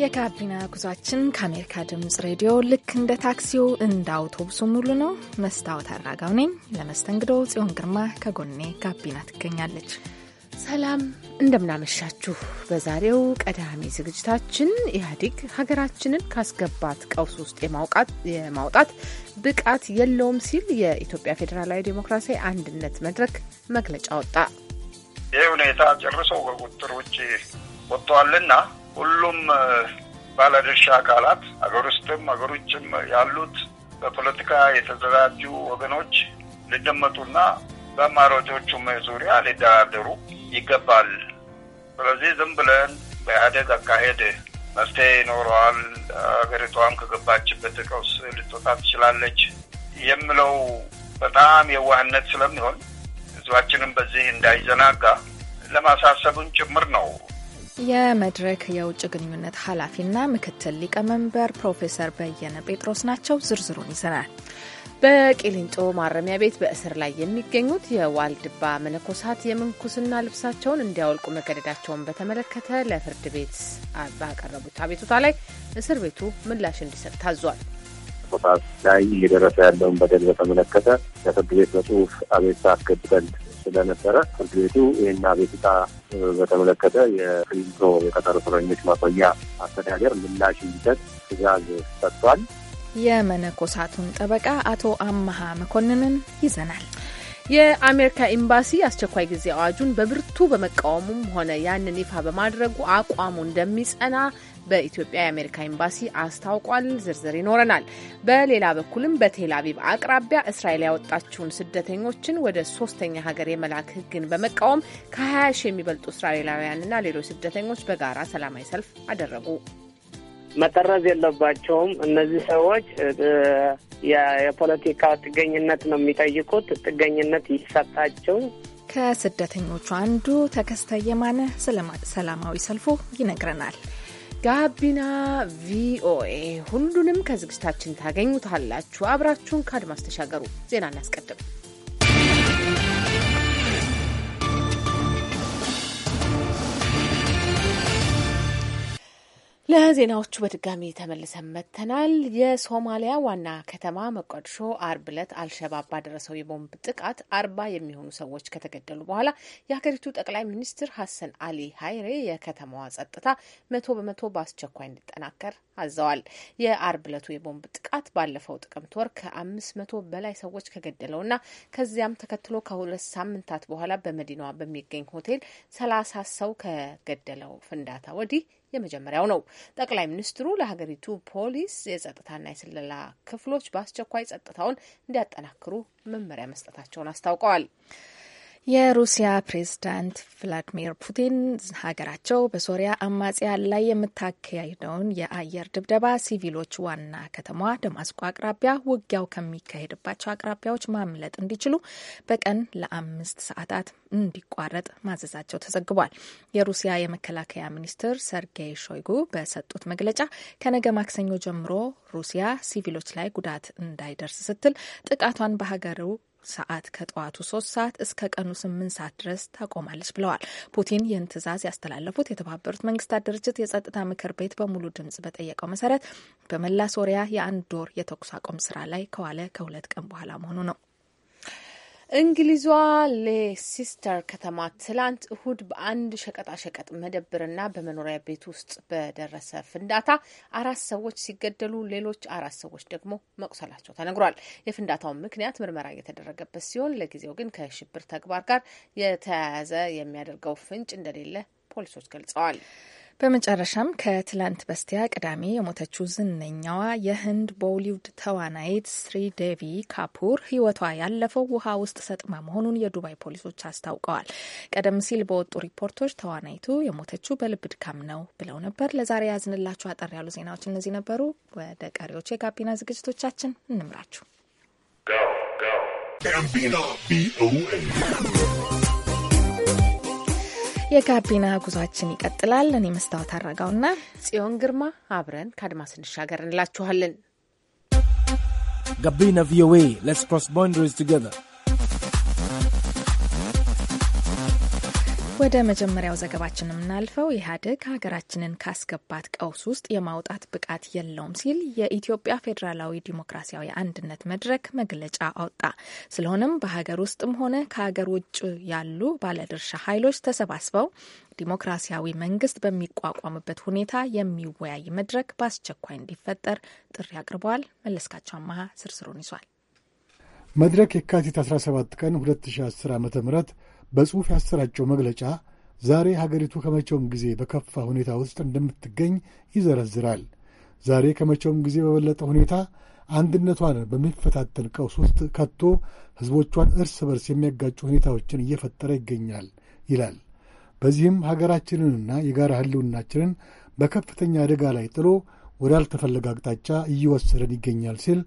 የጋቢና ጉዟችን ከአሜሪካ ድምፅ ሬዲዮ ልክ እንደ ታክሲው እንደ አውቶቡሱ ሙሉ ነው። መስታወት አራጋው ነኝ። ለመስተንግዶ ጽዮን ግርማ ከጎኔ ጋቢና ትገኛለች። ሰላም እንደምናመሻችሁ። በዛሬው ቀዳሚ ዝግጅታችን ኢህአዴግ ሀገራችንን ካስገባት ቀውስ ውስጥ የማውጣት ብቃት የለውም ሲል የኢትዮጵያ ፌዴራላዊ ዴሞክራሲያዊ አንድነት መድረክ መግለጫ ወጣ። ይህ ሁኔታ ጨርሶ ከቁጥጥር ውጭ ወጥተዋልና ሁሉም ባለድርሻ አካላት አገር ውስጥም አገር ውጭም ያሉት በፖለቲካ የተዘጋጁ ወገኖች ሊደመጡና በአማራጮቹም ዙሪያ ሊደራደሩ ይገባል። ስለዚህ ዝም ብለን በኢህአዴግ አካሄድ መፍትሄ ይኖረዋል፣ ሀገሪቷም ከገባችበት ቀውስ ልትወጣ ትችላለች የምለው በጣም የዋህነት ስለሚሆን ህዝባችንም በዚህ እንዳይዘናጋ ለማሳሰብም ጭምር ነው። የመድረክ የውጭ ግንኙነት ኃላፊና ምክትል ሊቀመንበር ፕሮፌሰር በየነ ጴጥሮስ ናቸው። ዝርዝሩን ይዘናል። በቂሊንጦ ማረሚያ ቤት በእስር ላይ የሚገኙት የዋልድባ መነኮሳት የምንኩስና ልብሳቸውን እንዲያወልቁ መገደዳቸውን በተመለከተ ለፍርድ ቤት ባቀረቡት አቤቱታ ላይ እስር ቤቱ ምላሽ እንዲሰጥ ታዟል። ላይ እየደረሰ ያለውን በደል በተመለከተ ለፍርድ ቤት በጽሁፍ አቤቱታ አስገብተን ስለነበረ ፍርድ ቤቱ ይህን አቤቱታ በተመለከተ የቅሊንጦ የቀጠሮ እስረኞች ማቆያ አስተዳደር ምላሽ እንዲሰጥ ትእዛዝ ሰጥቷል። የመነኮሳቱን ጠበቃ አቶ አመሀ መኮንንን ይዘናል። የአሜሪካ ኤምባሲ አስቸኳይ ጊዜ አዋጁን በብርቱ በመቃወሙም ሆነ ያንን ይፋ በማድረጉ አቋሙ እንደሚጸና በኢትዮጵያ የአሜሪካ ኤምባሲ አስታውቋል። ዝርዝር ይኖረናል። በሌላ በኩልም በቴል አቪቭ አቅራቢያ እስራኤል ያወጣችውን ስደተኞችን ወደ ሶስተኛ ሀገር የመላክ ሕግን በመቃወም ከ20 ሺ የሚበልጡ እስራኤላውያንና ሌሎች ስደተኞች በጋራ ሰላማዊ ሰልፍ አደረጉ። መጠረዝ የለባቸውም እነዚህ ሰዎች የፖለቲካ ጥገኝነት ነው የሚጠይቁት። ጥገኝነት ይሰጣቸው። ከስደተኞቹ አንዱ ተከስተ የማነ ሰላማዊ ሰልፉ ይነግረናል። ጋቢና ቪኦኤ ሁሉንም ከዝግጅታችን ታገኙታላችሁ። አብራችሁን ከአድማስ ተሻገሩ። ዜና እናስቀድም። ለዜናዎቹ በድጋሚ ተመልሰን መጥተናል። የሶማሊያ ዋና ከተማ መቋድሾ አርብ ዕለት አልሸባብ ባደረሰው የቦምብ ጥቃት አርባ የሚሆኑ ሰዎች ከተገደሉ በኋላ የሀገሪቱ ጠቅላይ ሚኒስትር ሀሰን አሊ ሀይሬ የከተማዋ ጸጥታ መቶ በመቶ በአስቸኳይ እንዲጠናከር አዘዋል። የአርብ ዕለቱ የቦምብ ጥቃት ባለፈው ጥቅምት ወር ከአምስት መቶ በላይ ሰዎች ከገደለውና ከዚያም ተከትሎ ከሁለት ሳምንታት በኋላ በመዲናዋ በሚገኝ ሆቴል ሰላሳ ሰው ከገደለው ፍንዳታ ወዲህ የመጀመሪያው ነው። ጠቅላይ ሚኒስትሩ ለሀገሪቱ ፖሊስ፣ የጸጥታና የስለላ ክፍሎች በአስቸኳይ ጸጥታውን እንዲያጠናክሩ መመሪያ መስጠታቸውን አስታውቀዋል። የሩሲያ ፕሬዝዳንት ቭላዲሚር ፑቲን ሀገራቸው በሶሪያ አማጽያን ላይ የምታካሄደውን የአየር ድብደባ ሲቪሎች ዋና ከተማዋ ደማስቆ አቅራቢያ ውጊያው ከሚካሄድባቸው አቅራቢያዎች ማምለጥ እንዲችሉ በቀን ለአምስት ሰዓታት እንዲቋረጥ ማዘዛቸው ተዘግቧል። የሩሲያ የመከላከያ ሚኒስትር ሰርጌይ ሾይጉ በሰጡት መግለጫ ከነገ ማክሰኞ ጀምሮ ሩሲያ ሲቪሎች ላይ ጉዳት እንዳይደርስ ስትል ጥቃቷን በሀገሩ ሰዓት ከጠዋቱ ሶስት ሰዓት እስከ ቀኑ ስምንት ሰዓት ድረስ ታቆማለች ብለዋል። ፑቲን ይህን ትዕዛዝ ያስተላለፉት የተባበሩት መንግስታት ድርጅት የጸጥታ ምክር ቤት በሙሉ ድምጽ በጠየቀው መሰረት በመላ ሶሪያ የአንድ ወር የተኩስ አቁም ስራ ላይ ከዋለ ከሁለት ቀን በኋላ መሆኑ ነው። እንግሊዟ ሌሲስተር ከተማ ትላንት እሁድ በአንድ ሸቀጣሸቀጥ መደብርና በመኖሪያ ቤት ውስጥ በደረሰ ፍንዳታ አራት ሰዎች ሲገደሉ ሌሎች አራት ሰዎች ደግሞ መቁሰላቸው ተነግሯል። የፍንዳታው ምክንያት ምርመራ እየተደረገበት ሲሆን ለጊዜው ግን ከሽብር ተግባር ጋር የተያያዘ የሚያደርገው ፍንጭ እንደሌለ ፖሊሶች ገልጸዋል። በመጨረሻም ከትላንት በስቲያ ቅዳሜ የሞተችው ዝነኛዋ የህንድ ቦሊውድ ተዋናይት ስሪ ዴቪ ካፑር ህይወቷ ያለፈው ውሃ ውስጥ ሰጥማ መሆኑን የዱባይ ፖሊሶች አስታውቀዋል። ቀደም ሲል በወጡ ሪፖርቶች ተዋናይቱ የሞተችው በልብ ድካም ነው ብለው ነበር። ለዛሬ ያዝንላችሁ አጠር ያሉ ዜናዎች እነዚህ ነበሩ። ወደ ቀሪዎቹ የጋቢና ዝግጅቶቻችን እንምራችሁ። የጋቢና ጉዟችን ይቀጥላል። እኔ መስታወት አረጋውና ጽዮን ግርማ አብረን ከአድማስ እንሻገር እንላችኋለን። ጋቢና ቪኦኤ ሌትስ ክሮስ ባውንደሪስ ቱጌዘር ወደ መጀመሪያው ዘገባችን የምናልፈው ኢህአዴግ ሀገራችንን ካስገባት ቀውስ ውስጥ የማውጣት ብቃት የለውም ሲል የኢትዮጵያ ፌዴራላዊ ዲሞክራሲያዊ አንድነት መድረክ መግለጫ አወጣ። ስለሆነም በሀገር ውስጥም ሆነ ከሀገር ውጭ ያሉ ባለድርሻ ኃይሎች ተሰባስበው ዲሞክራሲያዊ መንግስት በሚቋቋምበት ሁኔታ የሚወያይ መድረክ በአስቸኳይ እንዲፈጠር ጥሪ አቅርበዋል። መለስካቸው አመሃ ዝርዝሩን ይዟል። መድረክ የካቲት 17 ቀን 2010 ዓ.ም በጽሑፍ ያሰራጨው መግለጫ ዛሬ ሀገሪቱ ከመቼውም ጊዜ በከፋ ሁኔታ ውስጥ እንደምትገኝ ይዘረዝራል። ዛሬ ከመቼውም ጊዜ በበለጠ ሁኔታ አንድነቷን በሚፈታተን ቀውስ ውስጥ ከቶ ሕዝቦቿን እርስ በርስ የሚያጋጩ ሁኔታዎችን እየፈጠረ ይገኛል ይላል። በዚህም ሀገራችንንና የጋራ ሕልውናችንን በከፍተኛ አደጋ ላይ ጥሎ ወዳልተፈለገ አቅጣጫ እየወሰደን ይገኛል ሲል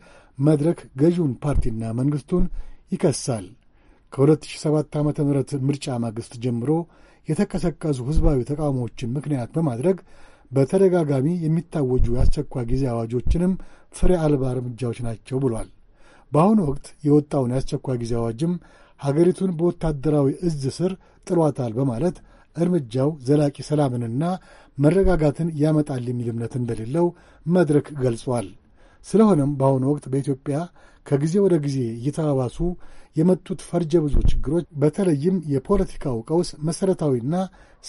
መድረክ ገዢውን ፓርቲና መንግሥቱን ይከሳል። ከ2007 ዓ ም ምርጫ ማግስት ጀምሮ የተቀሰቀሱ ሕዝባዊ ተቃውሞዎችን ምክንያት በማድረግ በተደጋጋሚ የሚታወጁ የአስቸኳይ ጊዜ አዋጆችንም ፍሬ አልባ እርምጃዎች ናቸው ብሏል። በአሁኑ ወቅት የወጣውን የአስቸኳይ ጊዜ አዋጅም ሀገሪቱን በወታደራዊ እዝ ስር ጥሏታል በማለት እርምጃው ዘላቂ ሰላምንና መረጋጋትን ያመጣል የሚል እምነት እንደሌለው መድረክ ገልጿል። ስለሆነም በአሁኑ ወቅት በኢትዮጵያ ከጊዜ ወደ ጊዜ እየተባባሱ የመጡት ፈርጀ ብዙ ችግሮች በተለይም የፖለቲካው ቀውስ መሠረታዊና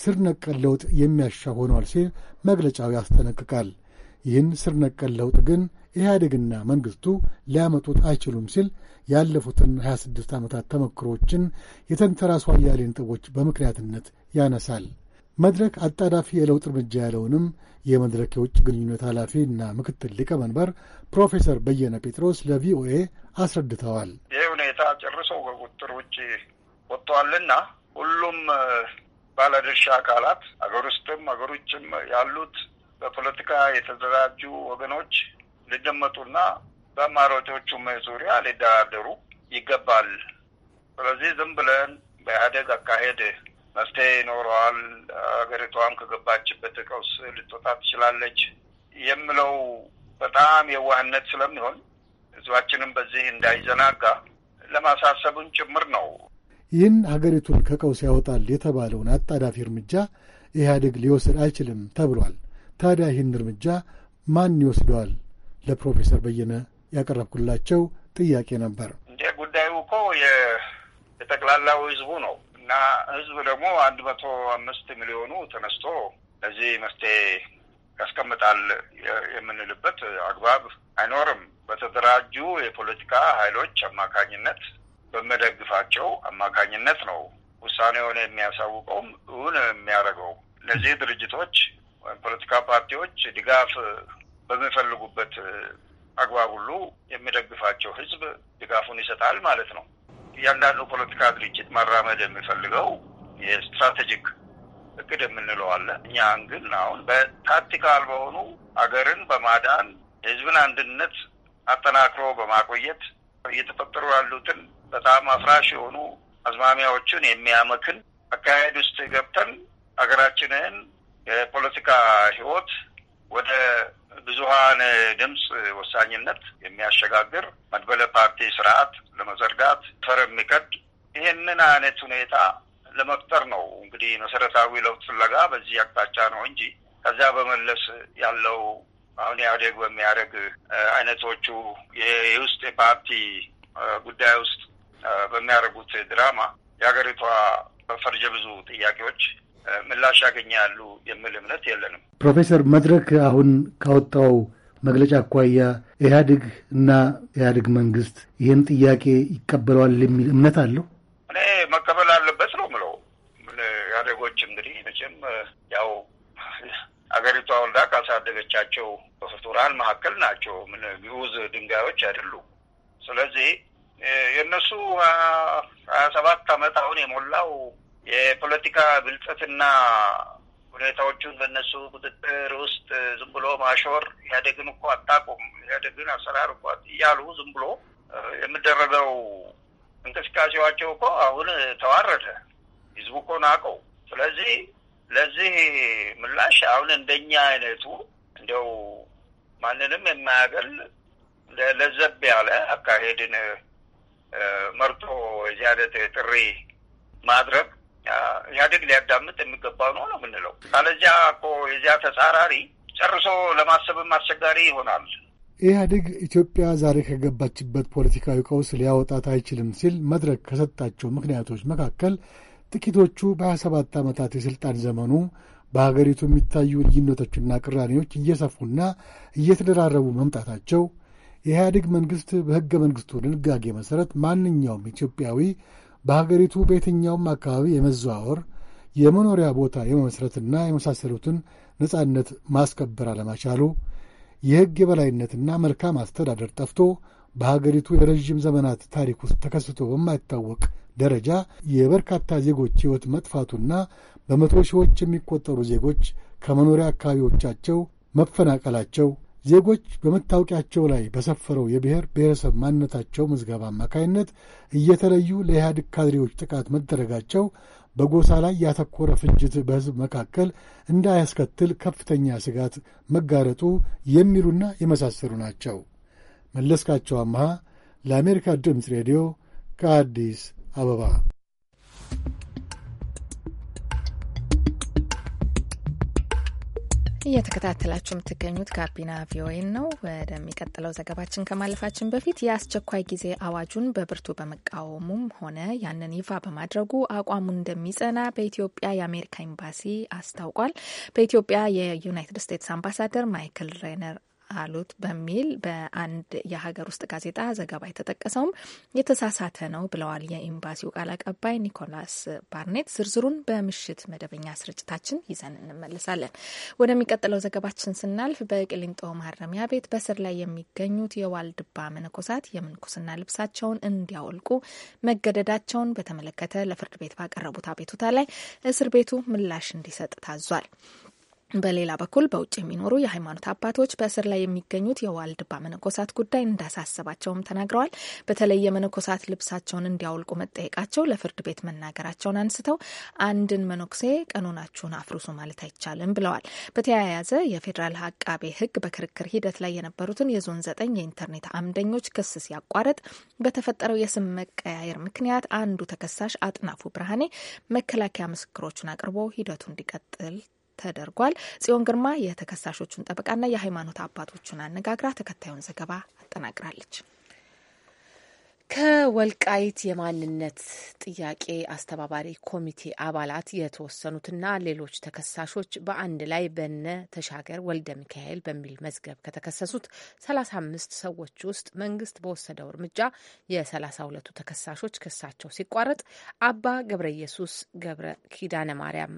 ስር ነቀል ለውጥ የሚያሻ ሆኗል ሲል መግለጫው ያስጠነቅቃል። ይህን ስር ነቀል ለውጥ ግን ኢህአዴግና መንግሥቱ ሊያመጡት አይችሉም ሲል ያለፉትን 26 ዓመታት ተመክሮዎችን የተንተራሱ አያሌ ነጥቦች በምክንያትነት ያነሳል። መድረክ አጣዳፊ የለውጥ እርምጃ ያለውንም የመድረክ የውጭ ግንኙነት ኃላፊ እና ምክትል ሊቀመንበር ፕሮፌሰር በየነ ጴጥሮስ ለቪኦኤ አስረድተዋል። ይህ ሁኔታ ጨርሶ ከቁጥር ውጭ ወጥተዋልና ሁሉም ባለድርሻ አካላት አገር ውስጥም አገር ውጭም ያሉት በፖለቲካ የተደራጁ ወገኖች ሊደመጡና በአማራጮቹም ዙሪያ ሊደራደሩ ይገባል። ስለዚህ ዝም ብለን በኢህአዴግ አካሄድ መፍትሄ ይኖረዋል፣ ሀገሪቷም ከገባችበት ቀውስ ልትወጣ ትችላለች የምለው በጣም የዋህነት ስለሚሆን ህዝባችንም በዚህ እንዳይዘናጋ ለማሳሰቡን ጭምር ነው። ይህን ሀገሪቱን ከቀውስ ያወጣል የተባለውን አጣዳፊ እርምጃ ኢህአዴግ ሊወስድ አይችልም ተብሏል። ታዲያ ይህን እርምጃ ማን ይወስደዋል? ለፕሮፌሰር በየነ ያቀረብኩላቸው ጥያቄ ነበር። እንደ ጉዳዩ እኮ የጠቅላላው ህዝቡ ነው። እና ህዝብ ደግሞ አንድ መቶ አምስት ሚሊዮኑ ተነስቶ ለዚህ መፍትሄ ያስቀምጣል የምንልበት አግባብ አይኖርም። በተደራጁ የፖለቲካ ኃይሎች አማካኝነት በመደግፋቸው አማካኝነት ነው ውሳኔውን የሚያሳውቀውም እውን የሚያደርገው። ለዚህ ድርጅቶች ወይም ፖለቲካ ፓርቲዎች ድጋፍ በሚፈልጉበት አግባብ ሁሉ የሚደግፋቸው ህዝብ ድጋፉን ይሰጣል ማለት ነው። እያንዳንዱ ፖለቲካ ድርጅት ማራመድ የሚፈልገው የስትራቴጂክ እቅድ የምንለው አለ። እኛ ግን አሁን በታክቲካል በሆኑ አገርን በማዳን ህዝብን አንድነት አጠናክሮ በማቆየት እየተፈጠሩ ያሉትን በጣም አፍራሽ የሆኑ አዝማሚያዎችን የሚያመክን አካሄድ ውስጥ ገብተን ሀገራችንን የፖለቲካ ህይወት ወደ ብዙሀን ድምፅ ወሳኝነት የሚያሸጋግር መድበለ ፓርቲ ስርዓት ለመዘርጋት ፈር የሚቀድ ይህንን አይነት ሁኔታ ለመፍጠር ነው እንግዲህ መሰረታዊ ለውጥ ፍለጋ በዚህ አቅጣጫ ነው እንጂ ከዚያ በመለስ ያለው አሁን ኢህአዴግ በሚያደርግ አይነቶቹ የውስጥ የፓርቲ ጉዳይ ውስጥ በሚያደርጉት ድራማ የሀገሪቷ ፈርጀ ብዙ ጥያቄዎች ምላሽ ያገኛሉ የሚል እምነት የለንም። ፕሮፌሰር መድረክ አሁን ካወጣው መግለጫ አኳያ ኢህአዴግ እና ኢህአዴግ መንግስት ይህን ጥያቄ ይቀበለዋል የሚል እምነት አለው። እኔ መቀበል አለበት ነው ምለው። ኢህአዴጎች እንግዲህ መቼም ያው አገሪቷ ወልዳ ካሳደገቻቸው ፍጡራን መካከል ናቸው። ምን ግዑዝ ድንጋዮች አይደሉም። ስለዚህ የእነሱ ሀያ ሰባት አመት አሁን የሞላው የፖለቲካ ብልጸትና ሁኔታዎቹን በእነሱ ቁጥጥር ውስጥ ዝም ብሎ ማሾር ኢህአዴግን እኮ አታቁም ኢህአዴግን አሰራር እኮ እያሉ ዝም ብሎ የምደረገው እንቅስቃሴዋቸው እኮ አሁን ተዋረደ። ህዝቡ እኮ ናቀው። ስለዚህ ለዚህ ምላሽ አሁን እንደኛ አይነቱ እንደው ማንንም የማያገል ለዘብ ያለ አካሄድን መርጦ የዚህ አይነት ጥሪ ማድረግ ኢህአዴግ ሊያዳምጥ የሚገባ ነው ነው የምንለው። ካለዚያ እኮ የዚያ ተጻራሪ ጨርሶ ለማሰብም አስቸጋሪ ይሆናል። ኢህአዴግ ኢትዮጵያ ዛሬ ከገባችበት ፖለቲካዊ ቀውስ ሊያወጣት አይችልም ሲል መድረክ ከሰጣቸው ምክንያቶች መካከል ጥቂቶቹ በሀያ ሰባት ዓመታት የሥልጣን ዘመኑ በሀገሪቱ የሚታዩ ልዩነቶችና ቅራኔዎች እየሰፉና እየተደራረቡ መምጣታቸው የኢህአዴግ መንግሥት በሕገ መንግሥቱ ድንጋጌ መሠረት ማንኛውም ኢትዮጵያዊ በሀገሪቱ በየትኛውም አካባቢ የመዘዋወር የመኖሪያ ቦታ የመመስረትና የመሳሰሉትን ነጻነት ማስከበር አለመቻሉ የሕግ የበላይነትና መልካም አስተዳደር ጠፍቶ በሀገሪቱ የረዥም ዘመናት ታሪክ ውስጥ ተከስቶ በማይታወቅ ደረጃ የበርካታ ዜጎች ሕይወት መጥፋቱና በመቶ ሺዎች የሚቆጠሩ ዜጎች ከመኖሪያ አካባቢዎቻቸው መፈናቀላቸው ዜጎች በመታወቂያቸው ላይ በሰፈረው የብሔር ብሔረሰብ ማንነታቸው ምዝገባ አማካይነት እየተለዩ ለኢህአዴግ ካድሬዎች ጥቃት መደረጋቸው በጎሳ ላይ ያተኮረ ፍጅት በሕዝብ መካከል እንዳያስከትል ከፍተኛ ስጋት መጋረጡ የሚሉና የመሳሰሉ ናቸው። መለስካቸው አምሃ ለአሜሪካ ድምፅ ሬዲዮ ከአዲስ አበባ እየተከታተላችሁ የምትገኙት ጋቢና ቪኦኤን ነው። ወደሚቀጥለው ዘገባችን ከማለፋችን በፊት የአስቸኳይ ጊዜ አዋጁን በብርቱ በመቃወሙም ሆነ ያንን ይፋ በማድረጉ አቋሙን እንደሚጸና በኢትዮጵያ የአሜሪካ ኤምባሲ አስታውቋል። በኢትዮጵያ የዩናይትድ ስቴትስ አምባሳደር ማይክል ሬነር አሉት በሚል በአንድ የሀገር ውስጥ ጋዜጣ ዘገባ የተጠቀሰውም የተሳሳተ ነው ብለዋል የኤምባሲው ቃል አቀባይ ኒኮላስ ባርኔት። ዝርዝሩን በምሽት መደበኛ ስርጭታችን ይዘን እንመልሳለን። ወደሚቀጥለው ዘገባችን ስናልፍ በቅሊንጦ ማረሚያ ቤት በስር ላይ የሚገኙት የዋልድባ መነኮሳት የምንኩስና ልብሳቸውን እንዲያወልቁ መገደዳቸውን በተመለከተ ለፍርድ ቤት ባቀረቡት አቤቱታ ላይ እስር ቤቱ ምላሽ እንዲሰጥ ታዟል። በሌላ በኩል በውጭ የሚኖሩ የሃይማኖት አባቶች በእስር ላይ የሚገኙት የዋልድባ መነኮሳት ጉዳይ እንዳሳሰባቸውም ተናግረዋል። በተለይ የመነኮሳት ልብሳቸውን እንዲያውልቁ መጠየቃቸው ለፍርድ ቤት መናገራቸውን አንስተው አንድን መነኩሴ ቀኖናችሁን አፍርሱ ማለት አይቻልም ብለዋል። በተያያዘ የፌዴራል አቃቤ ሕግ በክርክር ሂደት ላይ የነበሩትን የዞን ዘጠኝ የኢንተርኔት አምደኞች ክስ ሲያቋረጥ በተፈጠረው የስም መቀያየር ምክንያት አንዱ ተከሳሽ አጥናፉ ብርሃኔ መከላከያ ምስክሮቹን አቅርቦ ሂደቱ እንዲቀጥል ተደርጓል። ጽዮን ግርማ የተከሳሾቹን ጠበቃና የሃይማኖት አባቶቹን አነጋግራ ተከታዩን ዘገባ አጠናቅራለች። ከወልቃይት የማንነት ጥያቄ አስተባባሪ ኮሚቴ አባላት የተወሰኑትና ሌሎች ተከሳሾች በአንድ ላይ በነ ተሻገር ወልደ ሚካኤል በሚል መዝገብ ከተከሰሱት 35 ሰዎች ውስጥ መንግስት በወሰደው እርምጃ የ32ቱ ተከሳሾች ክሳቸው ሲቋረጥ አባ ገብረ ኢየሱስ ገብረ ኪዳነ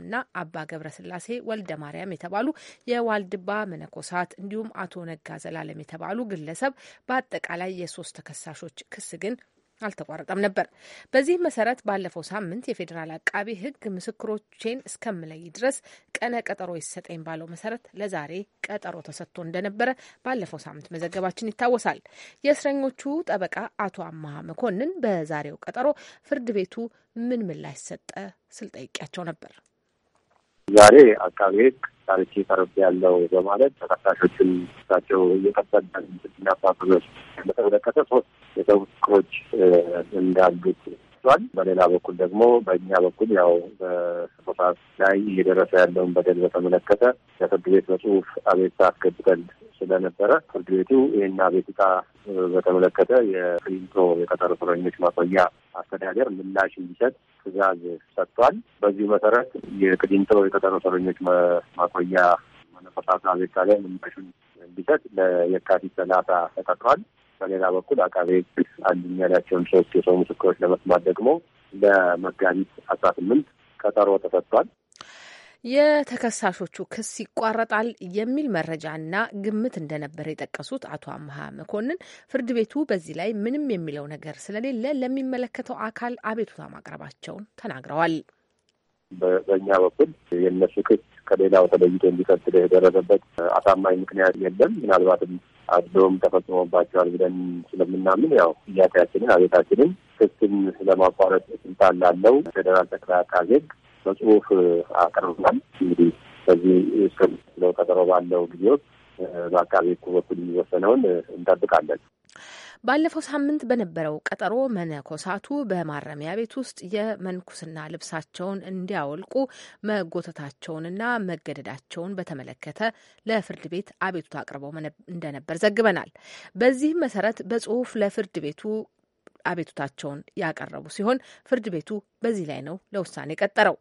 እና አባ ገብረ ስላሴ ወልደ ማርያም የተባሉ የዋልድባ መነኮሳት እንዲሁም አቶ ነጋ ዘላለም የተባሉ ግለሰብ በአጠቃላይ የሶስት ተከሳሾች ክስ ግን አልተቋረጠም ነበር። በዚህ መሰረት ባለፈው ሳምንት የፌዴራል አቃቢ ሕግ ምስክሮቼን እስከምለይ ድረስ ቀነ ቀጠሮ ይሰጠኝ ባለው መሰረት ለዛሬ ቀጠሮ ተሰጥቶ እንደነበረ ባለፈው ሳምንት መዘገባችን ይታወሳል። የእስረኞቹ ጠበቃ አቶ አማሀ መኮንን በዛሬው ቀጠሮ ፍርድ ቤቱ ምን ምላሽ ሰጠ ስል ጠይቄያቸው ነበር። ዛሬ አቃቢ ሕግ ታሪክ ቀርብ ያለው በማለት ተከሳሾችን እሳቸው እየቀበዳል እና በተመለከተ ሶስት የሰው ምስክሮች እንዳሉት ደርሷል። በሌላ በኩል ደግሞ በእኛ በኩል ያው በሰፋት ላይ እየደረሰ ያለውን በደል በተመለከተ ለፍርድ ቤት በጽሁፍ አቤቱታ አስገብተን ስለነበረ ፍርድ ቤቱ ይህን አቤቱታ በተመለከተ የቂሊንጦ የቀጠሮ እስረኞች ማቆያ አስተዳደር ምላሽ እንዲሰጥ ትዕዛዝ ሰጥቷል። በዚሁ መሰረት የቂሊንጦ የቀጠሮ እስረኞች ማቆያ መነኮሳት አቤቱታ ላይ ምላሹን እንዲሰጥ ለየካቲት ሰላሳ ተቀጥሯል። በሌላ በኩል አቃቤ ሕግ አሉኝ ያላቸውን ሶስት የሰው ምስክሮች ለመስማት ደግሞ ለመጋቢት አስራ ስምንት ቀጠሮ ተሰጥቷል። የተከሳሾቹ ክስ ይቋረጣል የሚል መረጃና ግምት እንደነበረ የጠቀሱት አቶ አመሀ መኮንን ፍርድ ቤቱ በዚህ ላይ ምንም የሚለው ነገር ስለሌለ ለሚመለከተው አካል አቤቱታ ማቅረባቸውን ተናግረዋል። በእኛ በኩል የእነሱ ክስ ከሌላው ተለይቶ እንዲቀጥል የደረሰበት አሳማኝ ምክንያት የለም። ምናልባትም አድሎም ተፈጽሞባቸዋል ብለን ስለምናምን ያው ጥያቄያችንን አቤታችንን ክስትን ስለማቋረጥ ስልጣን ላለው ፌዴራል ጠቅላይ አቃቤ ሕግ በጽሁፍ አቅርበናል። እንግዲህ በዚህ ስለው ቀጠሮ ባለው ጊዜ በአቃቤ ሕጉ በኩል የሚወሰነውን እንጠብቃለን። ባለፈው ሳምንት በነበረው ቀጠሮ መነኮሳቱ በማረሚያ ቤት ውስጥ የመንኩስና ልብሳቸውን እንዲያወልቁ መጎተታቸውንና መገደዳቸውን በተመለከተ ለፍርድ ቤት አቤቱታ አቅርበው እንደነበር ዘግበናል። በዚህም መሰረት በጽሁፍ ለፍርድ ቤቱ አቤቱታቸውን ያቀረቡ ሲሆን ፍርድ ቤቱ በዚህ ላይ ነው ለውሳኔ ቀጠረው።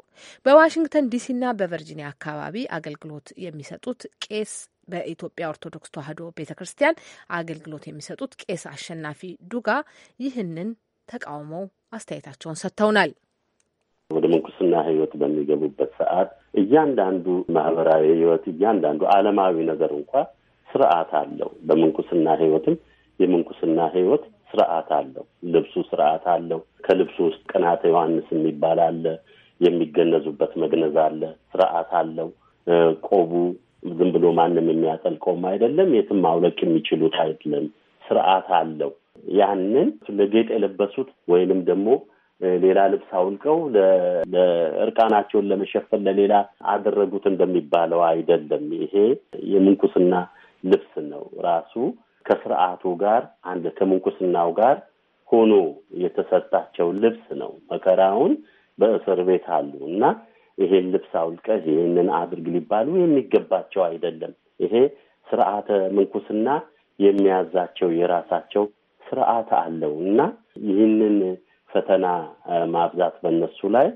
በዋሽንግተን ዲሲና በቨርጂኒያ አካባቢ አገልግሎት የሚሰጡት ቄስ በኢትዮጵያ ኦርቶዶክስ ተዋሕዶ ቤተ ክርስቲያን አገልግሎት የሚሰጡት ቄስ አሸናፊ ዱጋ ይህንን ተቃውመው አስተያየታቸውን ሰጥተውናል። ወደ ምንኩስና ህይወት በሚገቡበት ሰዓት እያንዳንዱ ማህበራዊ ህይወት፣ እያንዳንዱ አለማዊ ነገር እንኳ ስርዓት አለው። በምንኩስና ህይወትም የምንኩስና ህይወት ስርዓት አለው። ልብሱ ስርዓት አለው። ከልብሱ ውስጥ ቅናተ ዮሐንስ የሚባል አለ። የሚገነዙበት መግነዝ አለ። ስርዓት አለው። ቆቡ ዝም ብሎ ማንም የሚያጠልቀውም አይደለም፣ የትም ማውለቅ የሚችሉት አይደለም። ስርዓት አለው። ያንን ለጌጥ የለበሱት ወይንም ደግሞ ሌላ ልብስ አውልቀው ለእርቃናቸውን ለመሸፈን ለሌላ አደረጉት እንደሚባለው አይደለም። ይሄ የምንኩስና ልብስ ነው። ራሱ ከስርዓቱ ጋር አንድ ከምንኩስናው ጋር ሆኖ የተሰጣቸው ልብስ ነው። መከራውን በእስር ቤት አሉ እና ይሄን ልብስ አውልቀህ ይህንን አድርግ ሊባሉ የሚገባቸው አይደለም። ይሄ ስርዓተ ምንኩስና የሚያዛቸው የራሳቸው ስርዓት አለው እና ይህንን ፈተና ማብዛት በእነሱ ላይ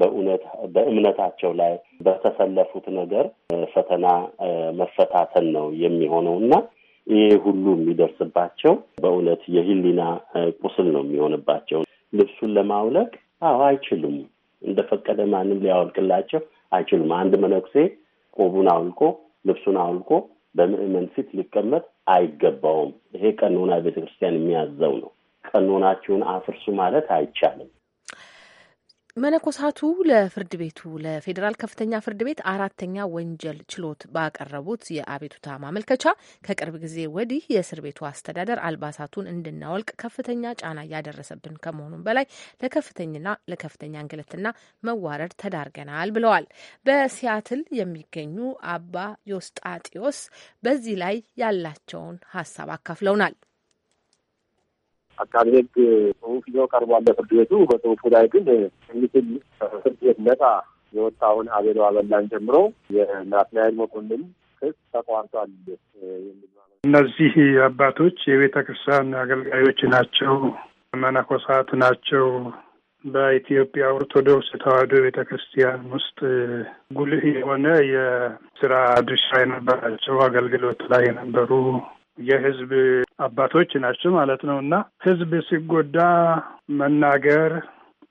በእውነት በእምነታቸው ላይ በተሰለፉት ነገር ፈተና መፈታተን ነው የሚሆነው እና ይሄ ሁሉ የሚደርስባቸው በእውነት የህሊና ቁስል ነው የሚሆንባቸው። ልብሱን ለማውለቅ አዎ አይችሉም። እንደፈቀደ ማንም ሊያወልቅላቸው አይችሉም። አንድ መነኩሴ ቆቡን አውልቆ ልብሱን አውልቆ በምዕመን ፊት ሊቀመጥ አይገባውም። ይሄ ቀኖና ቤተክርስቲያን የሚያዘው ነው። ቀኖናችሁን አፍርሱ ማለት አይቻልም። መነኮሳቱ ለፍርድ ቤቱ ለፌዴራል ከፍተኛ ፍርድ ቤት አራተኛ ወንጀል ችሎት ባቀረቡት የአቤቱታ ማመልከቻ ከቅርብ ጊዜ ወዲህ የእስር ቤቱ አስተዳደር አልባሳቱን እንድናወልቅ ከፍተኛ ጫና እያደረሰብን ከመሆኑም በላይ ለከፍተኛና ለከፍተኛ እንግልትና መዋረድ ተዳርገናል ብለዋል። በሲያትል የሚገኙ አባ ዮስጣጢዮስ በዚህ ላይ ያላቸውን ሀሳብ አካፍለውናል። አቃቤ ሕግ ጽሁፍ ይዘው ቀርቧል ለፍርድ ቤቱ። በጽሁፉ ላይ ግን ምክል ፍርድ ቤት ነጻ የወጣውን አቤሎ አበላን ጀምሮ የናትናኤል መኮንን ክስ ተቋርጧል የሚል እነዚህ አባቶች የቤተ ክርስቲያን አገልጋዮች ናቸው፣ መነኮሳት ናቸው። በኢትዮጵያ ኦርቶዶክስ ተዋሕዶ ቤተ ክርስቲያን ውስጥ ጉልህ የሆነ የስራ ድርሻ የነበራቸው አገልግሎት ላይ የነበሩ የህዝብ አባቶች ናቸው ማለት ነው እና ህዝብ ሲጎዳ መናገር፣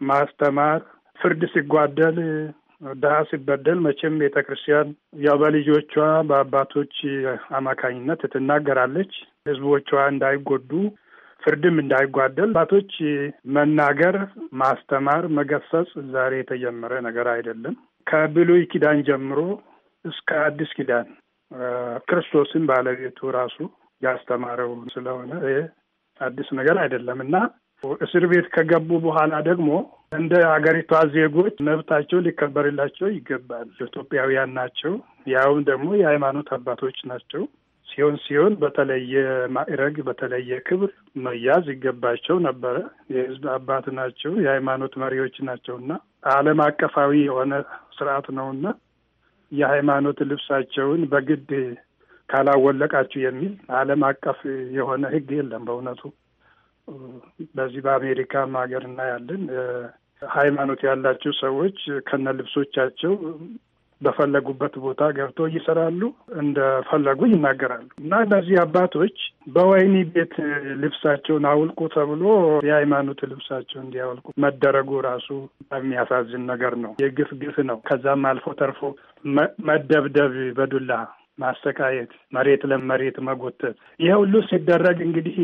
ማስተማር፣ ፍርድ ሲጓደል ድሀ ሲበደል መቼም ቤተ ክርስቲያን ያው በልጆቿ በአባቶች አማካኝነት ትናገራለች። ህዝቦቿ እንዳይጎዱ ፍርድም እንዳይጓደል አባቶች መናገር፣ ማስተማር፣ መገሰጽ ዛሬ የተጀመረ ነገር አይደለም። ከብሉይ ኪዳን ጀምሮ እስከ አዲስ ኪዳን ክርስቶስን ባለቤቱ ራሱ ያስተማረው ስለሆነ አዲስ ነገር አይደለም እና እስር ቤት ከገቡ በኋላ ደግሞ እንደ ሀገሪቷ ዜጎች መብታቸው ሊከበርላቸው ይገባል። ኢትዮጵያውያን ናቸው፣ ያውም ደግሞ የሃይማኖት አባቶች ናቸው። ሲሆን ሲሆን በተለየ ማዕረግ በተለየ ክብር መያዝ ይገባቸው ነበረ። የህዝብ አባት ናቸው፣ የሃይማኖት መሪዎች ናቸው እና ዓለም አቀፋዊ የሆነ ስርዓት ነውና የሃይማኖት ልብሳቸውን በግድ ካላወለቃችሁ የሚል ዓለም አቀፍ የሆነ ህግ የለም። በእውነቱ በዚህ በአሜሪካም ሀገር ያለን ሃይማኖት ያላቸው ሰዎች ከነ ልብሶቻቸው በፈለጉበት ቦታ ገብተው ይሰራሉ፣ እንደፈለጉ ይናገራሉ። እና እነዚህ አባቶች በወህኒ ቤት ልብሳቸውን አውልቁ ተብሎ የሃይማኖት ልብሳቸው እንዲያውልቁ መደረጉ ራሱ የሚያሳዝን ነገር ነው። የግፍ ግፍ ነው። ከዛም አልፎ ተርፎ መደብደብ በዱላ ማሰቃየት፣ መሬት ለመሬት መጎተት፣ ይህ ሁሉ ሲደረግ እንግዲህ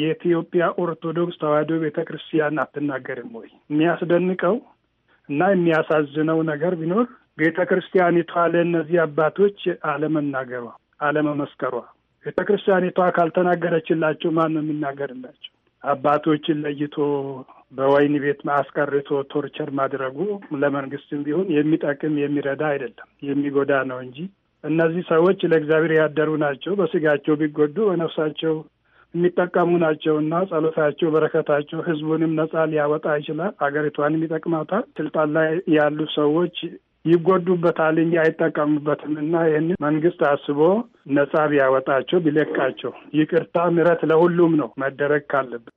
የኢትዮጵያ ኦርቶዶክስ ተዋሕዶ ቤተ ክርስቲያን አትናገርም ወይ? የሚያስደንቀው እና የሚያሳዝነው ነገር ቢኖር ቤተ ክርስቲያኒቷ ለእነዚህ አባቶች አለመናገሯ፣ አለመመስከሯ። ቤተ ክርስቲያኒቷ ካልተናገረችላቸው ማን ነው የሚናገርላቸው? አባቶችን ለይቶ በወይን ቤት አስቀርቶ ቶርቸር ማድረጉ ለመንግስትም ቢሆን የሚጠቅም የሚረዳ አይደለም፣ የሚጎዳ ነው እንጂ እነዚህ ሰዎች ለእግዚአብሔር ያደሩ ናቸው። በስጋቸው ቢጎዱ በነፍሳቸው የሚጠቀሙ ናቸው እና ጸሎታቸው፣ በረከታቸው ህዝቡንም ነጻ ሊያወጣ ይችላል፣ አገሪቷንም ይጠቅማታል። ስልጣን ላይ ያሉ ሰዎች ይጎዱበታል እንጂ አይጠቀሙበትም እና ይህን መንግስት አስቦ ነጻ ቢያወጣቸው ቢለቃቸው፣ ይቅርታ ምሕረት ለሁሉም ነው መደረግ ካለበት።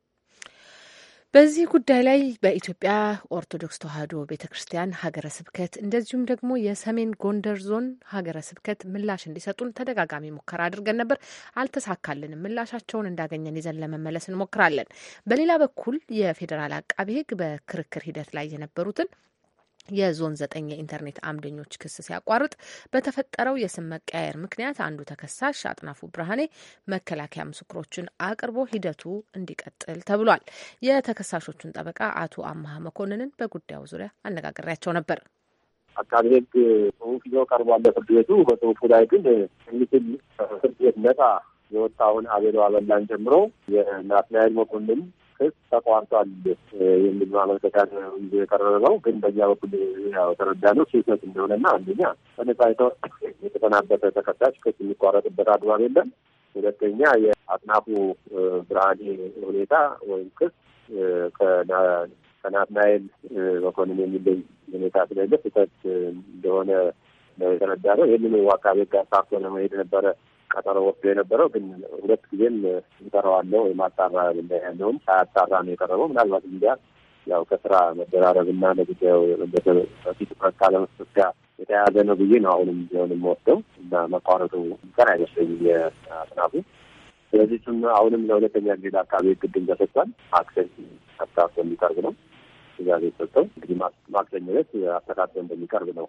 በዚህ ጉዳይ ላይ በኢትዮጵያ ኦርቶዶክስ ተዋሕዶ ቤተ ክርስቲያን ሀገረ ስብከት እንደዚሁም ደግሞ የሰሜን ጎንደር ዞን ሀገረ ስብከት ምላሽ እንዲሰጡን ተደጋጋሚ ሙከራ አድርገን ነበር። አልተሳካልንም። ምላሻቸውን እንዳገኘን ይዘን ለመመለስ እንሞክራለን። በሌላ በኩል የፌዴራል አቃቤ ሕግ በክርክር ሂደት ላይ የነበሩትን የዞን ዘጠኝ የኢንተርኔት አምደኞች ክስ ሲያቋርጥ በተፈጠረው የስም መቀያየር ምክንያት አንዱ ተከሳሽ አጥናፉ ብርሃኔ መከላከያ ምስክሮችን አቅርቦ ሂደቱ እንዲቀጥል ተብሏል። የተከሳሾቹን ጠበቃ አቶ አማሀ መኮንንን በጉዳዩ ዙሪያ አነጋግሬያቸው ነበር። አቃቤ ሕግ ጽሁፍ ይዘው ቀርቧል ለፍርድ ቤቱ። በጽሁፉ ላይ ግን ምስል ፍርድ ቤት ነጻ የወጣውን አቤሎ አበላን ጀምሮ የናትናኤል መኮንን ክስ ተቋርጧል የሚል ማመልከቻ የቀረበ ነው። ግን በእኛ በኩል ያው ተረዳነው ስህተት እንደሆነና አንደኛ በነጻ የተሰናበተ ተከሳሽ ክስ የሚቋረጥበት አግባብ የለም። ሁለተኛ የአጥናፉ ብርሃኔ ሁኔታ ወይም ክስ ከናትናኤል መኮንን የሚለይ ሁኔታ ስለሌለ ስህተት እንደሆነ ነው የተረዳነው። ይህንን አካባቢ ጋር ሳኮ ለመሄድ ነበረ ቀጠሮ ወስዶ የነበረው ግን ሁለት ጊዜም እንጠራዋለሁ ወይም አጣራ ያለውም ሳያጣራ ነው የቀረበው። ምናልባት እንዲያ ያው ከስራ መደራረብ መደራረብና ለጉዳዩ በፊት ትኩረት ለመስጠት ጋር የተያያዘ ነው ብዬ ነው አሁንም ቢሆን የምወስደው እና መቋረጡ ቀን አይመስለኝ አጥናፉ። ስለዚህ እሱም አሁንም ለሁለተኛ ጊዜ ለአካባቢ ግድም ተሰጥቷል። አክሰስ አስተካክሎ የሚቀርብ ነው እዛ ትእዛዝ ሰጠው እንግዲህ ማክሰኞ ዕለት አስተካክሎ እንደሚቀርብ ነው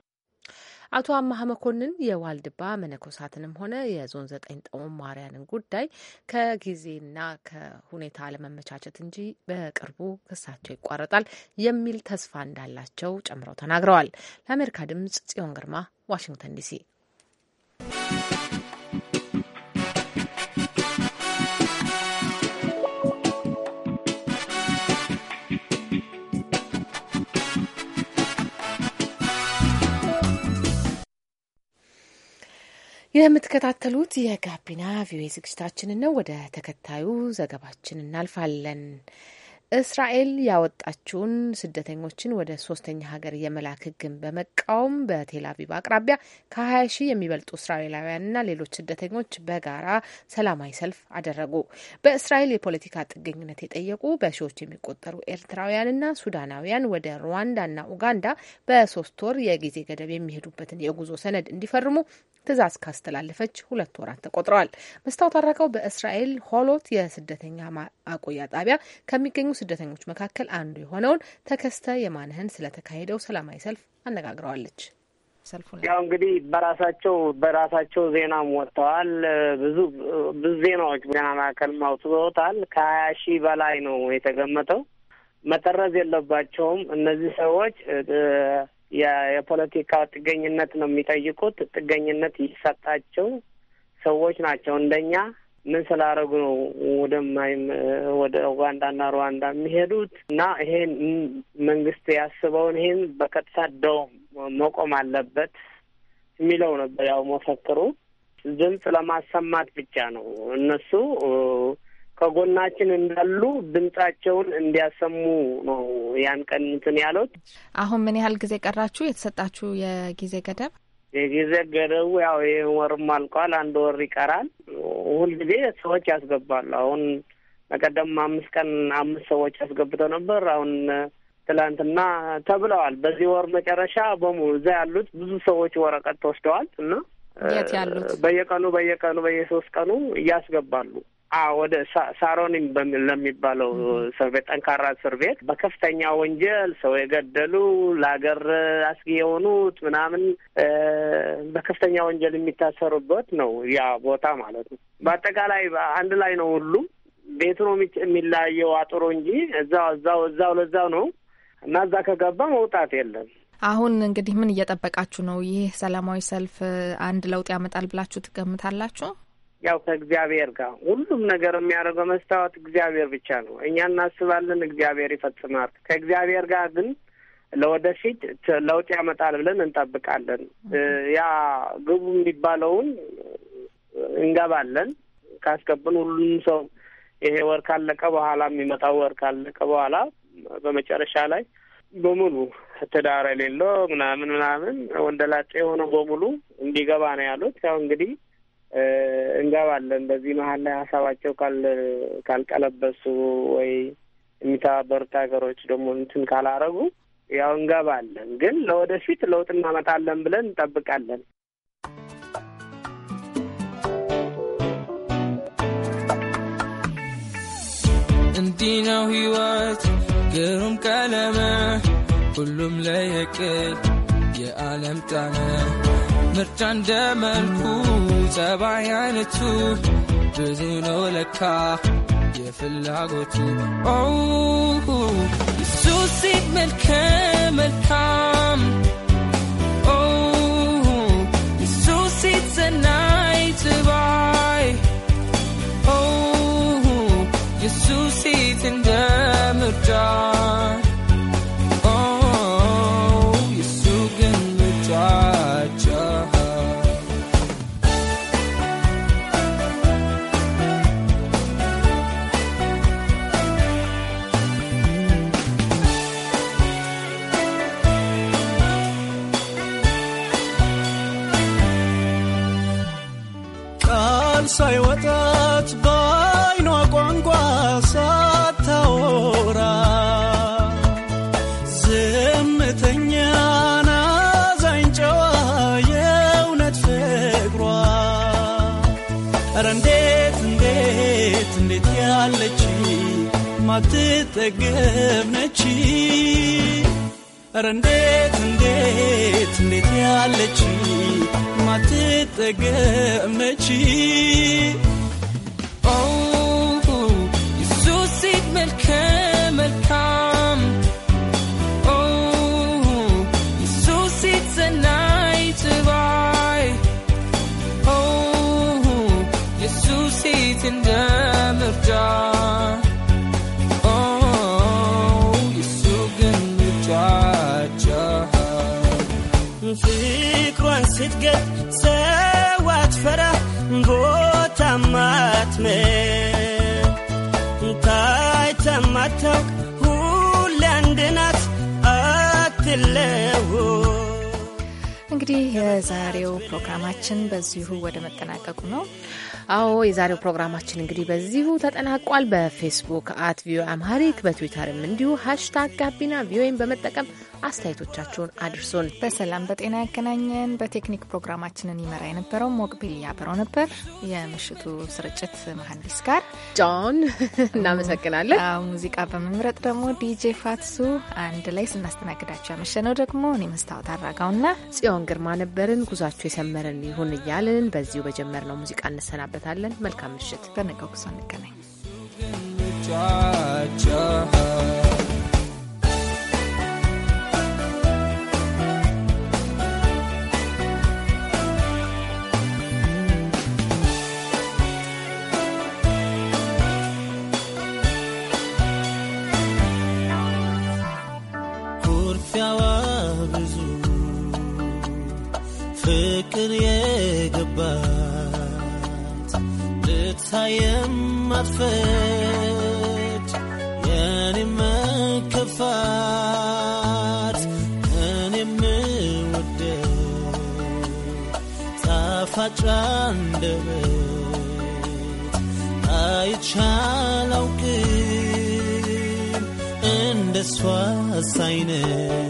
አቶ አማሀ መኮንን የዋልድባ መነኮሳትንም ሆነ የዞን ዘጠኝ ጦማርያንን ጉዳይ ከጊዜና ከሁኔታ አለመመቻቸት እንጂ በቅርቡ ክሳቸው ይቋረጣል የሚል ተስፋ እንዳላቸው ጨምረው ተናግረዋል። ለአሜሪካ ድምጽ ጽዮን ግርማ ዋሽንግተን ዲሲ የምትከታተሉት የጋቢና ቪኦኤ ዝግጅታችንን ነው። ወደ ተከታዩ ዘገባችን እናልፋለን። እስራኤል ያወጣችውን ስደተኞችን ወደ ሶስተኛ ሀገር የመላክ ሕግን በመቃወም በቴላቪቭ አቅራቢያ ከ20 ሺህ የሚበልጡ እስራኤላውያንና ሌሎች ስደተኞች በጋራ ሰላማዊ ሰልፍ አደረጉ። በእስራኤል የፖለቲካ ጥገኝነት የጠየቁ በሺዎች የሚቆጠሩ ኤርትራውያንና ሱዳናውያን ወደ ሩዋንዳና ኡጋንዳ በሶስት ወር የጊዜ ገደብ የሚሄዱበትን የጉዞ ሰነድ እንዲፈርሙ ትእዛዝ ካስተላለፈች ሁለት ወራት ተቆጥረዋል። መስታወት አራጋው በእስራኤል ሆሎት የስደተኛ ማቆያ ጣቢያ ከሚገኙ ስደተኞች መካከል አንዱ የሆነውን ተከስተ የማንህን ስለተካሄደው ሰላማዊ ሰልፍ አነጋግረዋለች። ያው እንግዲህ በራሳቸው በራሳቸው ዜናም ወጥተዋል። ብዙ ብዙ ዜናዎች ዜና ማዕከልም አውጥተውታል። ከሀያ ሺህ በላይ ነው የተገመተው። መጠረዝ የለባቸውም እነዚህ ሰዎች የፖለቲካ ጥገኝነት ነው የሚጠይቁት። ጥገኝነት ይሰጣቸው ሰዎች ናቸው። እንደኛ ምን ስላደረጉ ነው ወደማይም ወደ ኡጋንዳና ሩዋንዳ የሚሄዱት? እና ይሄን መንግስት ያስበውን ይሄን በቀጥታ ደውም መቆም አለበት የሚለው ነበር ያው መፈክሩ። ድምፅ ለማሰማት ብቻ ነው እነሱ ከጎናችን እንዳሉ ድምጻቸውን እንዲያሰሙ ነው ያን ቀን እንትን ያሉት። አሁን ምን ያህል ጊዜ ቀራችሁ? የተሰጣችሁ የጊዜ ገደብ? የጊዜ ገደቡ ያው ይህ ወርም አልቋል። አንድ ወር ይቀራል። ሁልጊዜ ሰዎች ያስገባሉ። አሁን በቀደም አምስት ቀን አምስት ሰዎች ያስገብተው ነበር። አሁን ትላንትና ተብለዋል። በዚህ ወር መጨረሻ በሙሉ እዛ ያሉት ብዙ ሰዎች ወረቀት ተወስደዋል እና የት ያሉት በየቀኑ በየቀኑ በየሶስት ቀኑ እያስገባሉ ወደ ሳሮን ለሚባለው እስር ቤት ጠንካራ እስር ቤት በከፍተኛ ወንጀል ሰው የገደሉ ለሀገር አስጊ የሆኑት ምናምን በከፍተኛ ወንጀል የሚታሰሩበት ነው ያ ቦታ ማለት ነው። በአጠቃላይ አንድ ላይ ነው ሁሉም ቤቱ ነው የሚለያየው አጥሮ እንጂ እዛው እዛው እዛው ለዛው ነው እና እዛ ከገባ መውጣት የለም። አሁን እንግዲህ ምን እየጠበቃችሁ ነው? ይህ ሰላማዊ ሰልፍ አንድ ለውጥ ያመጣል ብላችሁ ትገምታላችሁ? ያው ከእግዚአብሔር ጋር ሁሉም ነገር የሚያደርገው መስታወት እግዚአብሔር ብቻ ነው። እኛ እናስባለን፣ እግዚአብሔር ይፈጽማል። ከእግዚአብሔር ጋር ግን ለወደፊት ለውጥ ያመጣል ብለን እንጠብቃለን። ያ ግቡ የሚባለውን እንገባለን ካስገብን ሁሉም ሰው ይሄ ወር ካለቀ በኋላ የሚመጣው ወር ካለቀ በኋላ በመጨረሻ ላይ በሙሉ ትዳር የሌለው ምናምን ምናምን ወንደላጤ የሆነው በሙሉ እንዲገባ ነው ያሉት። ያው እንግዲህ እንገባለን። በዚህ መሀል ላይ ሀሳባቸው ካልቀለበሱ ወይ የሚተባበሩት ሀገሮች ደግሞ እንትን ካላረጉ ያው እንገባለን። ግን ለወደፊት ለውጥ እናመጣለን ብለን እንጠብቃለን። እንዲህ ነው ህይወት ግሩም ቀለመ ሁሉም ለየቅል የዓለም ጣነ ምርጫ እንደ መልኩ ጸባይ አይነቱ ብዙ ነው ለካ የፍላጎቱ ሴት መልከ መልካም እሱ ሴት ዘናይ ሰናይ ጸባይ ኢየሱስ እንደ ምርጫ አጠገብነች ኧረ እንዴት እንዴት እንዴት ያለች ማትጠገብነች ስትገድ ሰው አትፈራ ቦታማ አትምር ታይታማ አታውቅ ሁሌ አንድ ናት አትለው እንግዲህ የዛሬው ፕሮግራማችን በዚሁ ወደ መጠናቀቁ ነው። አዎ የዛሬው ፕሮግራማችን እንግዲህ በዚሁ ተጠናቋል። በፌስቡክ አት ቪኦ አምሃሪክ በትዊተርም እንዲሁ ሀሽታግ ጋቢና ቪኦኤን በመጠቀም አስተያየቶቻችሁን አድርሱን። በሰላም በጤና ያገናኘን። በቴክኒክ ፕሮግራማችንን ይመራ የነበረው ሞቅቢል ያበረው ነበር። የምሽቱ ስርጭት መሀንዲስ ጋር ጆን እናመሰግናለን። ሙዚቃ በመምረጥ ደግሞ ዲጄ ፋትሱ አንድ ላይ ስናስተናግዳቸው ያመሸነው ደግሞ እኔ መስታወት አራጋውና ጽዮን ግርማ ነበርን። ጉዟችሁ የሰመረን ይሁን እያልን በዚሁ በጀመርነው ሙዚቃ እንሰናበታለን። መልካም ምሽት። በነገው ጉዞ እንገናኝ። ያለባት ልታየም አትፈድ የኔ መከፋት እኔ የምወደው ጣፋጭ አንደበት አይቻላውቅም እንደሷ ሳይነት